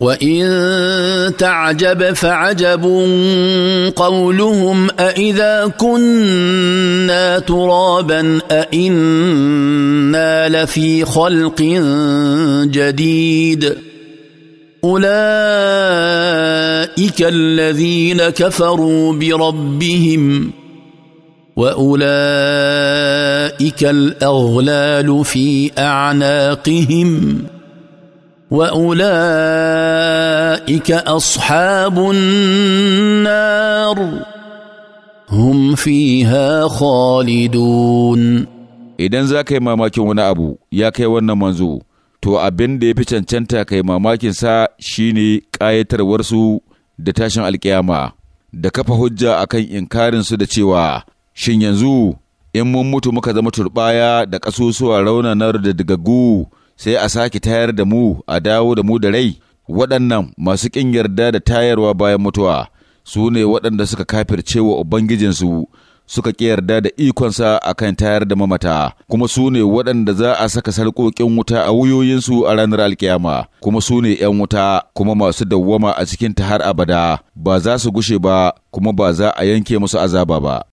وان تعجب فعجب قولهم أإذا كنا ترابا أإنا لفي خلق جديد اولئك الذين كفروا بربهم واولئك الاغلال في اعناقهم واولئك اصحاب النار هم فيها خالدون idan za ka yi mamakin wani abu ya kai wannan manzo to abin da ya fi cancanta ka yi mamakinsa shine ƙayatarwarsu da tashin alkiyama da kafa hujja akan inkarinsu da cewa shin yanzu in mun mutu muka zama turbaya da ƙasusuwa raunanar da digaggu sai a sake tayar da mu a dawo da mu da rai waɗannan masu ƙin yarda da tayarwa bayan mutuwa su ne waɗanda suka kafirce wa ubangijinsu suka ƙi yarda da ikonsa a kan tayar da mamata kuma su ne waɗanda za a saka sarƙoƙin wuta a wuyoyinsu a ranar alkiyama kuma su ne ‘yan wuta kuma masu dawwama a cikin ta har abada ba za su gushe ba kuma ba za a yanke musu azaba ba.